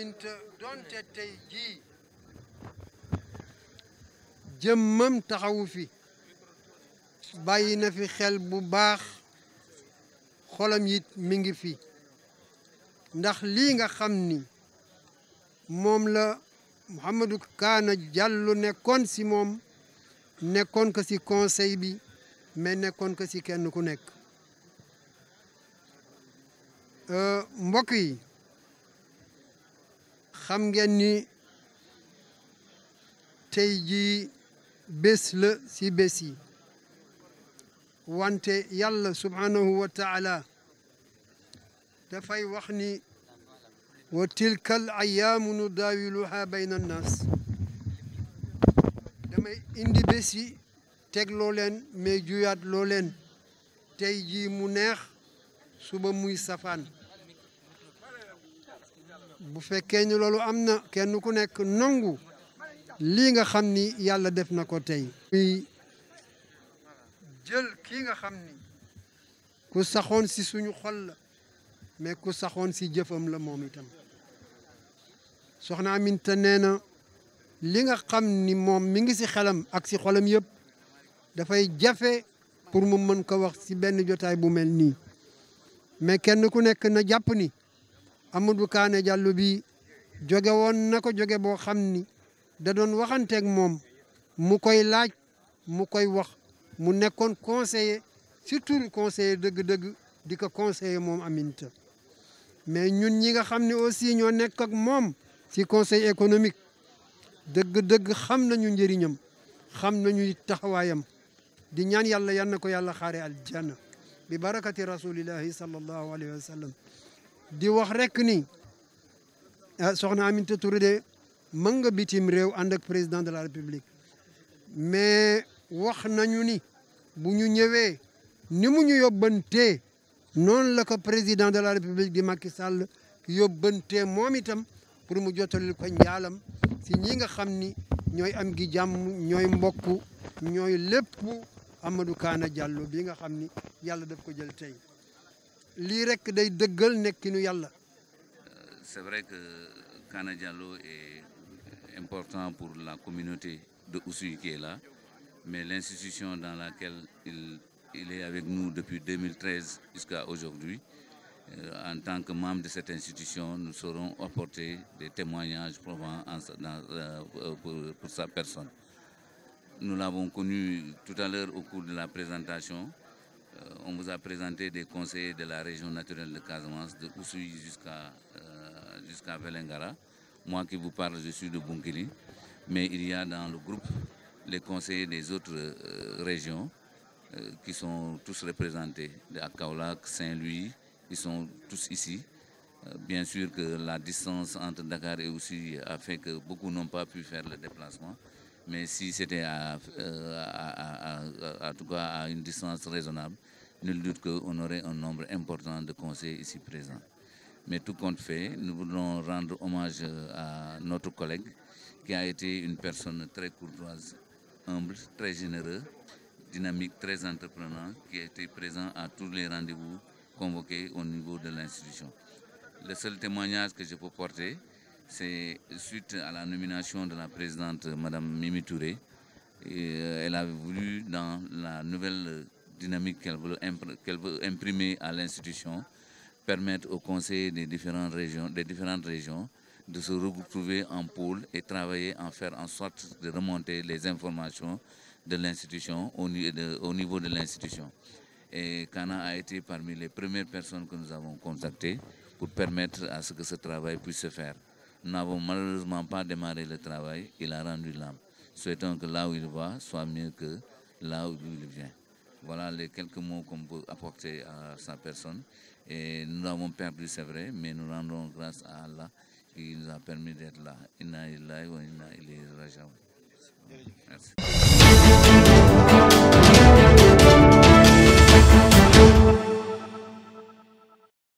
aminta donte tey jëmmam taxawu fi bàyyi na fi xel bu baax xolam it mi ngi fi ndax lii nga xam ni moom la Mouhamadou Kaana Diallo nekkoon si moom nekkoon ko ci conseil bi mais nekkoon ko ci kenn ku nekk euh, mbokk yi xam ngeen ni tey jii bés la si bés yi wante yàlla subhaanahu wa taala dafay wax ni wa tilka al ayaamu nu daawiluha bayna annaas damay indi bés yi teg loo leen mais juyaat loo leen tey jii mu neex suba muy safaan bu fekkee ni loolu am na kenn ku nekk nangu lii nga xam ni yàlla def na ko tey jël kii nga xam ni ku saxoon si suñu xol la mais ku saxoon si jëfam la moom itam soxna Aminta nee na li nga xam ni moom mi ngi si xelam ak si xolam yépp dafay jafe pour mu mën ko wax si benn jotaay bu mel nii mais kenn ku nekk na jàpp ni Amadou Kaane Diallo bi joge woon na ko joge boo xam ni da doon waxanteeg moom mu koy laaj mu koy wax mu nekkoon conseiller surtout conseiller dëgg-dëgg di ko conseiller moom Aminta mais ñun ñi nga xam ne aussi ñoo nekk ak moom ci conseil économique dëgg-dëgg xam nañu njëriñam xam nañu taxawaayam di ñaan yàlla yan na ko yàlla xaare aljanna bi barakati rasulillahi sallallahu alayhi wa sallam di wax rek ni ah, soxna Aminata Touré de mën nga bitim réew ànd ak président de la république mais wax nañu ni bu ñu ñëwee ni mu ñu yóbbantee noonu la ko président de la république di Macky Sall yóbbantee moom itam pour mu jottali ko njaalam si ñi nga xam ni ñooy am gi jàmm ñooy mbokk ñooy lépp Amadou kaana Diallo bi nga xam ni yàlla daf ko jël tey C'est vrai que Kana est important pour la communauté de Oussouye qui est là, mais l'institution dans laquelle il, est avec nous depuis 2013 jusqu'à aujourd'hui, euh, en tant que membre de cette institution, nous saurons apporter des témoignages provenant euh, euh, pour, pour sa personne. Nous l'avons connu tout à l'heure au cours de la présentation. Euh, on vous a présenté des conseillers de la région naturelle de Casamance, de Oussouy jusqu'à euh, Velengara. Moi qui vous parle, je suis de Bunkili. Mais il y a dans le groupe les conseillers des autres euh, régions euh, qui sont tous représentés, de Saint-Louis, ils sont tous ici. Bien sûr que la distance entre Dakar et Oussouy a fait que beaucoup n'ont pas pu faire le déplacement. Mais si c'était à, euh, à, à, à, une distance raisonnable, nul doute qu'on aurait un nombre important de conseils ici présents. Mais tout compte fait, nous voulons rendre hommage euh, à notre collègue qui a été une personne très courtoise, humble, très généreuse, dynamique, très entreprenant, qui a été présent à tous les rendez-vous convoqués au niveau de l'institution. Le seul témoignage que je peux porter, c'est suite à la nomination de la présidente Madame Mimi Touré. Euh, elle a voulu, dans la nouvelle dynamique qu'elle veut, imprimer à l'institution, permettre aux conseil des différentes régions, des différentes régions de se retrouver en pôle et travailler en faire en sorte de remonter les informations de l'institution au, niveau de l'institution. Et Kana a été parmi les premières personnes que nous avons contactées pour permettre à ce que ce travail puisse se faire. Nous n'avons malheureusement pas démarré le travail. Il a rendu l'âme. Souhaitons que là où il va soit mieux que là où il vient. Voilà les quelques mots qu'on peut apporter à sa personne. Et nous avons perdu, c'est vrai, mais nous rendons grâce à Allah qui nous a permis d'être là. Inna wa inna Merci.